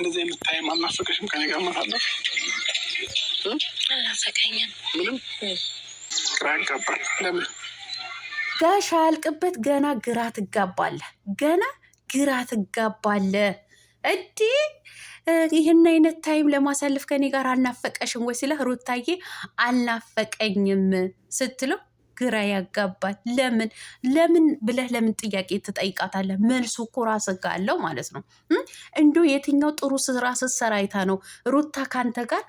እንደዚህ አይነት ታይም አልናፈቀሽም? ከኔ ጋር መሳለፍ አልናፈቀኝም። ምንም ግራ ያጋባል። ለምን ጋሻ ያልቅበት ገና ግራ ትጋባለ፣ ገና ግራ ትጋባለ። እንዲህ ይህን አይነት ታይም ለማሳለፍ ከኔ ጋር አልናፈቀሽም ወይ ስለ ሩታዬ አልናፈቀኝም ስትለው ግራ ያጋባል። ለምን ለምን ብለህ ለምን ጥያቄ ትጠይቃታለህ? መልሱ እኮ አለው ማለት ነው። እንዶ የትኛው ጥሩ ስራ ስትሰራ አይታ ነው ሩታ ካንተ ጋር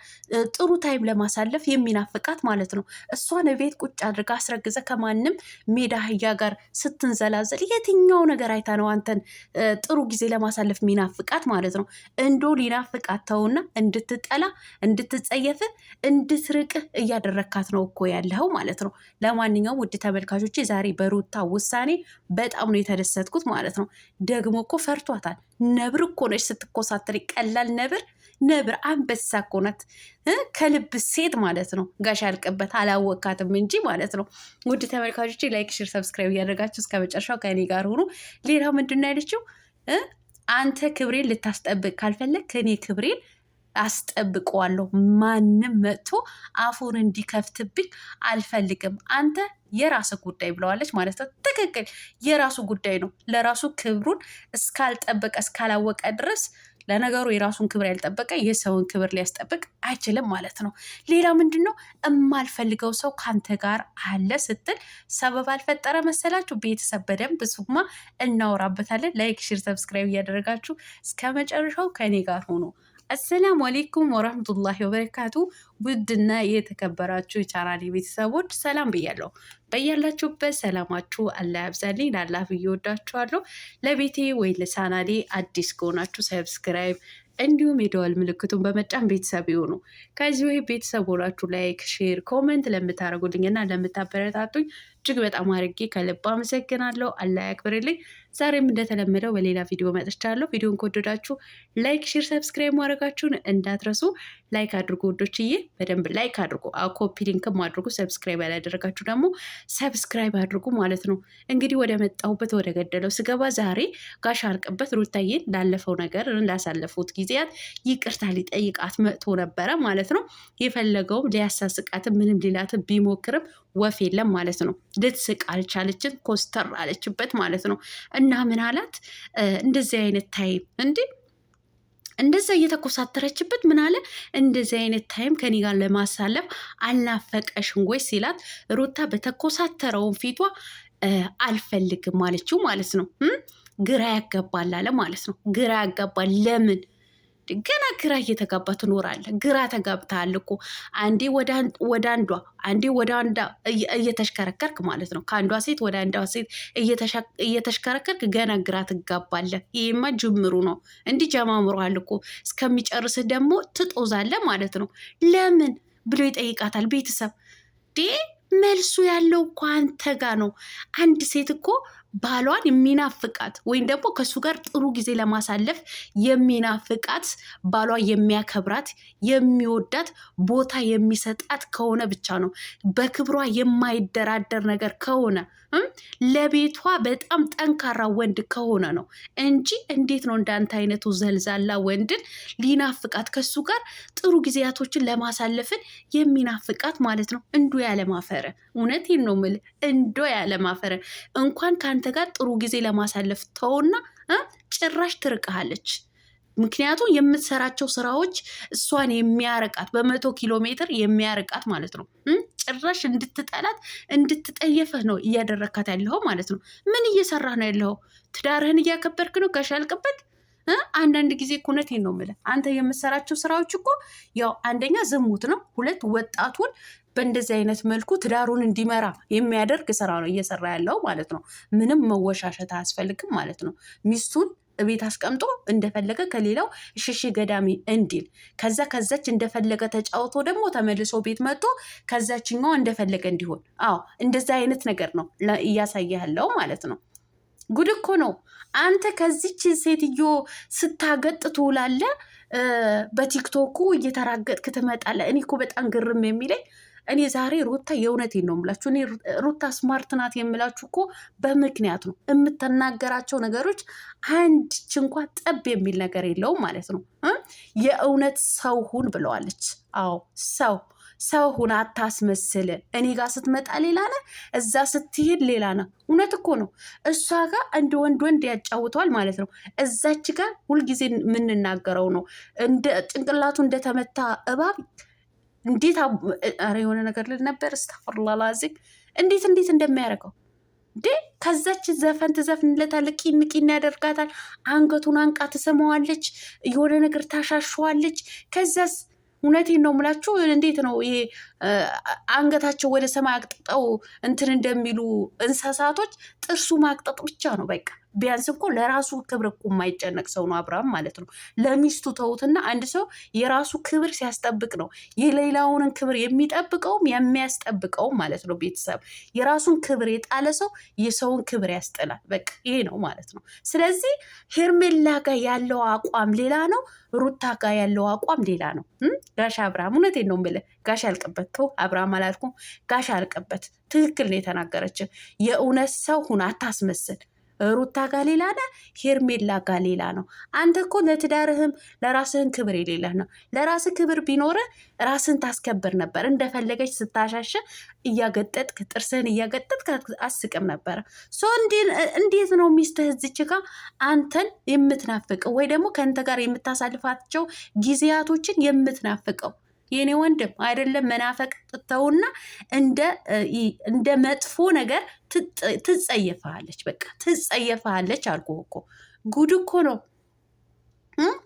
ጥሩ ታይም ለማሳለፍ የሚናፍቃት ማለት ነው። እሷን ቤት ቁጭ አድርጋ አስረግዘ ከማንም ሜዳ አህያ ጋር ስትንዘላዘል የትኛው ነገር አይታ ነው አንተን ጥሩ ጊዜ ለማሳለፍ የሚናፍቃት ማለት ነው። እንዶ ሊናፍቃት ተውና እንድትጠላ እንድትጸየፍ እንድትርቅ እያደረካት ነው እኮ ያለው ማለት ነው። ለማንኛውም ለማንኛውም ውድ ተመልካቾች ዛሬ በሩታ ውሳኔ በጣም ነው የተደሰትኩት ማለት ነው። ደግሞ እኮ ፈርቷታል። ነብር እኮ ነች ስትኮሳተሪ፣ ቀላል ነብር ነብር አንበሳ እኮ ናት። ከልብ ሴት ማለት ነው። ጋሽ ያልቅበት አላወቃትም እንጂ ማለት ነው። ውድ ተመልካቾች ላይክ፣ ሽር፣ ሰብስክራይብ እያደረጋችሁ እስከ መጨረሻው ከእኔ ጋር ሆኑ። ሌላው ምንድን ነው ያለችው? አንተ ክብሬን ልታስጠብቅ ካልፈለግ ከእኔ ክብሬን አስጠብቀዋለሁ። ማንም መጥቶ አፉን እንዲከፍትብኝ አልፈልግም። አንተ የራስ ጉዳይ ብለዋለች ማለት ነው። ትክክል፣ የራሱ ጉዳይ ነው። ለራሱ ክብሩን እስካልጠበቀ እስካላወቀ ድረስ ለነገሩ የራሱን ክብር ያልጠበቀ የሰውን ክብር ሊያስጠብቅ አይችልም ማለት ነው። ሌላ ምንድን ነው እማልፈልገው ሰው ካንተ ጋር አለ ስትል ሰበብ አልፈጠረ መሰላችሁ? ቤተሰብ በደንብ ሱማ እናወራበታለን። ላይክ፣ ሽር፣ ሰብስክራይብ እያደረጋችሁ እስከ መጨረሻው ከኔ ጋር ሆኖ አሰላሙ አሌይኩም ወረህመቱላሂ ወበረካቱ። ውድና የተከበራችሁ የቻናሌ ቤተሰቦች ሰላም ብያለሁ። በያላችሁበት ሰላማችሁ አላህ ያብዛልኝ። ላላፍ እየወዳችኋለሁ። ለቤቴ ወይ ለቻናሌ አዲስ ከሆናችሁ ሰብስክራይብ እንዲሁም የደወል ምልክቱን በመጫን ቤተሰብ ይሁኑ። ከዚህ ወይ ቤተሰብ ሆናችሁ ላይክ፣ ሼር፣ ኮመንት ለምታደርጉልኝ እና ለምታበረታቱኝ እጅግ በጣም አድርጌ ከልባ አመሰግናለሁ። አላህ ያክብርልኝ። ዛሬም እንደተለመደው በሌላ ቪዲዮ መጥቻለሁ። ቪዲዮን ከወደዳችሁ ላይክ፣ ሼር፣ ሰብስክራይብ ማድረጋችሁን እንዳትረሱ። ላይክ አድርጉ ወዶችዬ፣ በደንብ ላይክ አድርጉ። ኮፒ ሊንክም አድርጉ። ሰብስክራይብ ያላደረጋችሁ ደግሞ ሰብስክራይብ አድርጉ ማለት ነው። እንግዲህ ወደ መጣሁበት ወደ ገደለው ስገባ ዛሬ ጋሽ አርቅበት ሩታዬን ላለፈው ነገር ላሳለፉት ጊዜያት ይቅርታ ሊጠይቃት መጥቶ ነበረ ማለት ነው። የፈለገውም ሊያሳስቃትም ምንም ሊላትም ቢሞክርም ወፍ የለም ማለት ነው። ልትስቅ አልቻለችን ኮስተር አለችበት ማለት ነው። እና ምን አላት እንደዚህ አይነት ታይም እንዴ እንደዚ እየተኮሳተረችበት ምን አለ እንደዚህ አይነት ታይም ከኔ ጋር ለማሳለፍ አልናፈቀሽም ወይ ሲላት ሩታ በተኮሳተረውን ፊቷ አልፈልግም አለችው ማለት ነው። ግራ ያጋባል አለ ማለት ነው። ግራ ያጋባል ለምን ገና ግራ እየተጋባ ትኖራለህ። ግራ ተጋብተሃል እኮ አንዴ ወደ አንዷ አንዴ ወደ አንዷ እየተሽከረከርክ ማለት ነው። ከአንዷ ሴት ወደ አንዷ ሴት እየተሽከረከርክ ገና ግራ ትጋባለህ። ይህማ ጅምሩ ነው። እንዲህ ጀማምሮሃል እኮ እስከሚጨርስህ ደግሞ ትጦዛለህ ማለት ነው። ለምን ብሎ ይጠይቃታል ቤተሰብ ዴ መልሱ ያለው እኮ አንተ ጋ ነው። አንድ ሴት እኮ ባሏን የሚናፍቃት ወይም ደግሞ ከእሱ ጋር ጥሩ ጊዜ ለማሳለፍ የሚናፍቃት ባሏ የሚያከብራት የሚወዳት ቦታ የሚሰጣት ከሆነ ብቻ ነው። በክብሯ የማይደራደር ነገር ከሆነ ለቤቷ በጣም ጠንካራ ወንድ ከሆነ ነው እንጂ እንዴት ነው እንዳንተ አይነቱ ዘልዛላ ወንድን ሊናፍቃት ከእሱ ጋር ጥሩ ጊዜያቶችን ለማሳለፍን የሚናፍቃት ማለት ነው። እንዶ ያለማፈረ እውነቴን ነው የምልህ እንዶ ያለማፈረ እንኳን ከአንተ ጋር ጥሩ ጊዜ ለማሳለፍ ተውና ጭራሽ ትርቅሃለች። ምክንያቱም የምትሰራቸው ስራዎች እሷን የሚያርቃት በመቶ ኪሎ ሜትር የሚያርቃት ማለት ነው። ጭራሽ እንድትጠላት እንድትጠየፈህ ነው እያደረካት ያለው ማለት ነው። ምን እየሰራህ ነው ያለው? ትዳርህን እያከበርክ ነው ከሻልቅበት አንዳንድ ጊዜ እውነቴን ነው የምልህ አንተ የምትሰራቸው ስራዎች እኮ ያው አንደኛ ዝሙት ነው፣ ሁለት ወጣቱን በእንደዚህ አይነት መልኩ ትዳሩን እንዲመራ የሚያደርግ ስራ ነው እየሰራ ያለው ማለት ነው። ምንም መወሻሸት አያስፈልግም ማለት ነው። ሚስቱን ቤት አስቀምጦ እንደፈለገ ከሌላው ሽሽ ገዳሚ እንዲል ከዛ ከዛች እንደፈለገ ተጫውቶ ደግሞ ተመልሶ ቤት መጥቶ ከዛችኛው እንደፈለገ እንዲሆን። አዎ እንደዚህ አይነት ነገር ነው እያሳየ ያለው ማለት ነው። ጉድ እኮ ነው። አንተ ከዚች ሴትዮ ስታገጥ ትውላለህ፣ በቲክቶኩ እየተራገጥክ ትመጣለህ። እኔ እኮ በጣም ግርም የሚለኝ እኔ ዛሬ ሩታ የእውነቴን ነው የምላችሁ። እኔ ሩታ ስማርት ናት የምላችሁ እኮ በምክንያት ነው። የምትናገራቸው ነገሮች አንድች እንኳ ጠብ የሚል ነገር የለውም ማለት ነው። የእውነት ሰው ሁን ብለዋለች። አዎ ሰው ሰው ሁን፣ አታስመስል። እኔ ጋር ስትመጣ ሌላ ነህ፣ እዛ ስትሄድ ሌላ ነህ። እውነት እኮ ነው። እሷ ጋር እንደ ወንድ ወንድ ያጫውተዋል ማለት ነው። እዛች ጋር ሁልጊዜ የምንናገረው ነው። ጭንቅላቱ እንደተመታ እባብ እንዴት ኧረ የሆነ ነገር ልል ነበር ስታፈርላ ላዚም እንዴት እንዴት እንደሚያደርገው እንዴ ከዛች ዘፈን ትዘፍንለታለች፣ ቂን ቂን ያደርጋታል። አንገቱን አንቃ ትስመዋለች፣ የሆነ ነገር ታሻሸዋለች። ከዛስ እውነቴን ነው የምላችሁ እንዴት ነው ይሄ አንገታቸው ወደ ሰማይ አቅጥጠው እንትን እንደሚሉ እንስሳቶች ጥርሱ ማቅጠጥ ብቻ ነው በቃ። ቢያንስ እኮ ለራሱ ክብር እኮ የማይጨነቅ ሰው ነው አብርሃም ማለት ነው። ለሚስቱ ተውትና፣ አንድ ሰው የራሱ ክብር ሲያስጠብቅ ነው የሌላውንን ክብር የሚጠብቀውም የሚያስጠብቀውም ማለት ነው። ቤተሰብ የራሱን ክብር የጣለ ሰው የሰውን ክብር ያስጥላል። በቃ ይሄ ነው ማለት ነው። ስለዚህ ሄርሜላ ጋር ያለው አቋም ሌላ ነው፣ ሩታ ጋር ያለው አቋም ሌላ ነው። ጋሽ አብርሃም እውነቴን ነው የምልህ ጋሽ ያልቅበት ያልከው አብርሃም አላልኩ ጋሽ አልቀበት ትክክል ነው የተናገረችው። የእውነት ሰው ሁን አታስመስል። ሩታ ጋ ሌላ ነ ሄርሜላ ጋ ሌላ ነው። አንተ እኮ ለትዳርህም ለራስህን ክብር የሌለህ ነው። ለራስህ ክብር ቢኖረ ራስህን ታስከብር ነበር። እንደፈለገች ስታሻሸ እያገጠጥክ ጥርስህን እያገጠጥክ አስቅም ነበረ። ሶ እንዴት ነው ሚስትህ እዚች ጋ አንተን የምትናፍቀው ወይ ደግሞ ከአንተ ጋር የምታሳልፋቸው ጊዜያቶችን የምትናፍቀው? የኔ ወንድም አይደለም መናፈቅ ጥተውና እንደ መጥፎ ነገር ትጸየፈሃለች። በቃ ትጸየፈሃለች። አልኩ እኮ ጉድ እኮ ነው።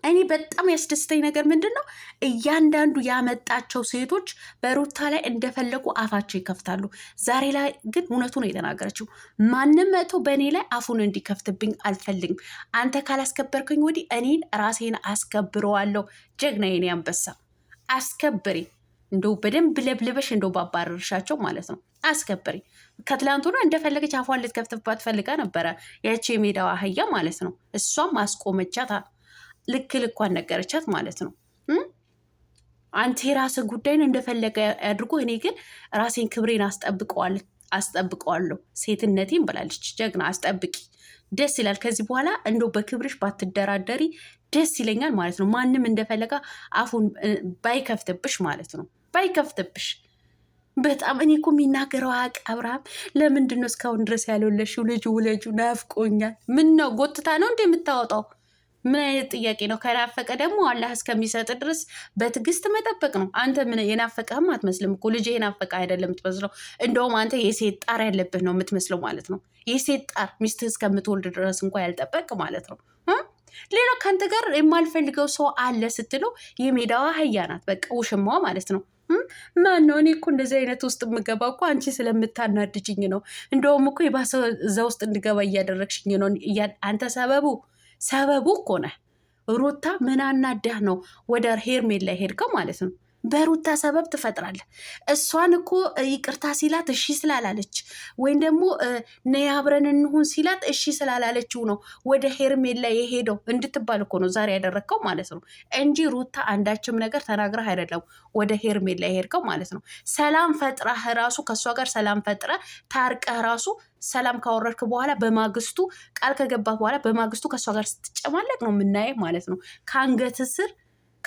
እኔ በጣም ያስደስተኝ ነገር ምንድን ነው? እያንዳንዱ ያመጣቸው ሴቶች በሩታ ላይ እንደፈለጉ አፋቸው ይከፍታሉ። ዛሬ ላይ ግን እውነቱ ነው የተናገረችው። ማንም መጥቶ በእኔ ላይ አፉን እንዲከፍትብኝ አልፈልግም። አንተ ካላስከበርከኝ ወዲህ እኔን ራሴን አስከብረዋለሁ። ጀግና የኔ አንበሳ አስከብሪ። እንደው በደንብ ለብለበሽ እንደው ባባረርሻቸው ማለት ነው። አስከብሪ። ከትላንቱና እንደፈለገች አፏን ልትከፍትባት ፈልጋ ነበረ ያቺ የሜዳዋ አህያ ማለት ነው። እሷም አስቆመቻት። ልክ ልኳን ነገረቻት ማለት ነው። አንተ የራስህ ጉዳይን እንደፈለገ አድርጎ፣ እኔ ግን ራሴን ክብሬን አስጠብቀዋለሁ ሴትነቴን ብላለች። ጀግና አስጠብቂ፣ ደስ ይላል። ከዚህ በኋላ እንደው በክብርሽ ባትደራደሪ ደስ ይለኛል ማለት ነው። ማንም እንደፈለጋ አፉን ባይከፍትብሽ ማለት ነው። ባይከፍትብሽ በጣም እኔ እኮ የሚናገረው አቅ አብርሃም ለምንድን ነው እስካሁን ድረስ ያልወለድሽው? ልጅ ውለጁ ናፍቆኛል። ምን ነው ጎትታ ነው እንደ የምታወጣው? ምን አይነት ጥያቄ ነው? ከናፈቀ ደግሞ አላህ እስከሚሰጥ ድረስ በትዕግስት መጠበቅ ነው። አንተ ምን የናፈቀህም አትመስልም እኮ ልጅ የናፈቀ አይደለም የምትመስለው። እንደውም አንተ የሴት ጣር ያለብህ ነው የምትመስለው ማለት ነው። የሴት ጣር ሚስትህ እስከምትወልድ ድረስ እንኳ ያልጠበቅ ማለት ነው። ሌላ ከአንተ ጋር የማልፈልገው ሰው አለ ስትለው የሜዳዋ አህያ ናት፣ በቃ ውሽማዋ ማለት ነው። ማን ነው? እኔ እኮ እንደዚህ አይነት ውስጥ የምገባ እኮ አንቺ ስለምታናድጅኝ ነው። እንደውም እኮ የባሰ እዛ ውስጥ እንድገባ እያደረግሽኝ ነው። አንተ ሰበቡ ሰበቡ እኮ ነህ ሩታ። ምን አናዳህ ነው ወደ ሄርሜላ ሄድከው ማለት ነው? በሩታ ሰበብ ትፈጥራለህ። እሷን እኮ ይቅርታ ሲላት እሺ ስላላለች ወይም ደግሞ ነይ አብረን እንሁን ሲላት እሺ ስላላለችው ነው ወደ ሄርሜላ የሄደው እንድትባል እኮ ነው ዛሬ ያደረግከው ማለት ነው እንጂ ሩታ አንዳችም ነገር ተናግረህ አይደለም ወደ ሄርሜላ የሄድከው ማለት ነው። ሰላም ፈጥረህ ራሱ ከእሷ ጋር ሰላም ፈጥረህ ታርቀህ ራሱ ሰላም ካወረድክ በኋላ በማግስቱ ቃል ከገባህ በኋላ በማግስቱ ከእሷ ጋር ስትጨማለቅ ነው የምናየህ ማለት ነው ከአንገት ስር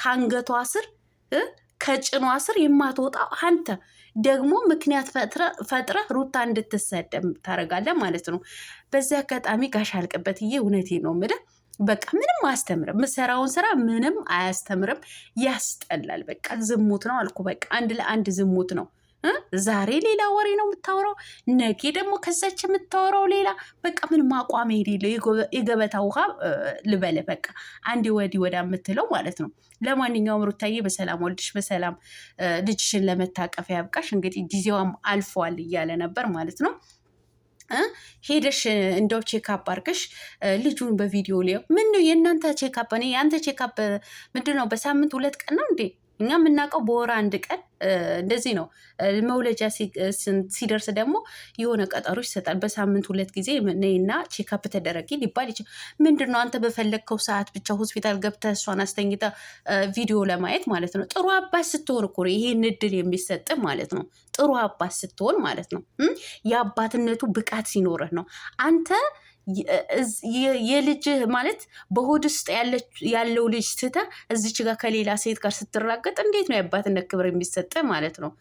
ከአንገቷ ስር ከጭኗ ስር የማትወጣው አንተ ደግሞ ምክንያት ፈጥረ ሩታ እንድትሰደም ታደርጋለህ ማለት ነው። በዚህ አጋጣሚ ጋሽ አልቅበትዬ እውነቴ ነው የምልህ በቃ ምንም አያስተምርም። ምሰራውን ስራ ምንም አያስተምርም፣ ያስጠላል። በቃ ዝሙት ነው አልኩ። በቃ አንድ ለአንድ ዝሙት ነው። ዛሬ ሌላ ወሬ ነው የምታወራው፣ ነጌ ደግሞ ከዛች የምታወራው ሌላ። በቃ ምን ማቋም የሌለው የገበታ ውሃ ልበለ በቃ አንድ ወዲህ ወዳ የምትለው ማለት ነው። ለማንኛውም ሩታዬ በሰላም ወልድሽ በሰላም ልጅሽን ለመታቀፍ ያብቃሽ። እንግዲህ ጊዜዋም አልፏል እያለ ነበር ማለት ነው። ሄደሽ እንደው ቼካፕ አርገሽ ልጁን በቪዲዮ ሊየው ምን ነው የእናንተ ቼካፕ? እኔ የአንተ ቼካፕ ምንድን ነው? በሳምንት ሁለት ቀን ነው እንዴ? እኛ የምናውቀው በወር አንድ ቀን እንደዚህ ነው። መውለጃ ሲደርስ ደግሞ የሆነ ቀጠሮ ይሰጣል። በሳምንት ሁለት ጊዜ ነይና ቼካፕ ተደረጊ ሊባል ይችላል። ምንድን ነው አንተ በፈለግከው ሰዓት ብቻ ሆስፒታል ገብተህ እሷን አስተኝታ ቪዲዮ ለማየት ማለት ነው። ጥሩ አባት ስትሆን እኮ ይሄን እድል የሚሰጥ ማለት ነው። ጥሩ አባት ስትሆን ማለት ነው። የአባትነቱ ብቃት ሲኖርህ ነው አንተ የልጅህ ማለት በሆድ ውስጥ ያለው ልጅ ትተህ እዚች ጋር ከሌላ ሴት ጋር ስትራገጥ እንዴት ነው የአባትነት ክብር የሚሰጠ ማለት ነው?